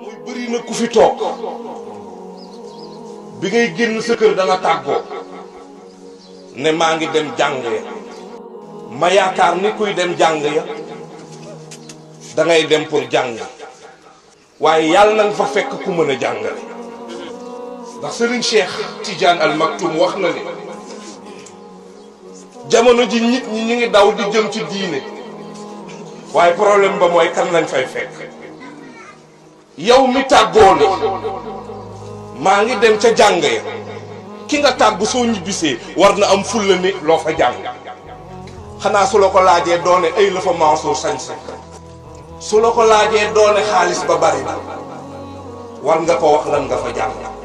muy bëri na ku fi toog bi ngay génn sa kër tàggoo ne maa ngi dem jàng ya ma yaakaar ni kuy dem jàng ya dangay ngay dem pour jàng waaye yàlla na nga fa fekk ku mën a jàngale ndax Serigne Cheikh Tidiane Al Maktoum wax na ne jamono ji nit ñi ñu ngi daw di jëm ci diine waaye problème ba mooy kan lañ fay fekk yow mi tàggoone maa ngi dem ca jàng ya ki nga tàggu soo ñibbisee war na am fulla ni loo fa jàng xanaa su la ko laajee doone ay la fa sañ sañse su la ko laajee doone xaalis ba bari war nga ko wax lan nga fa jàng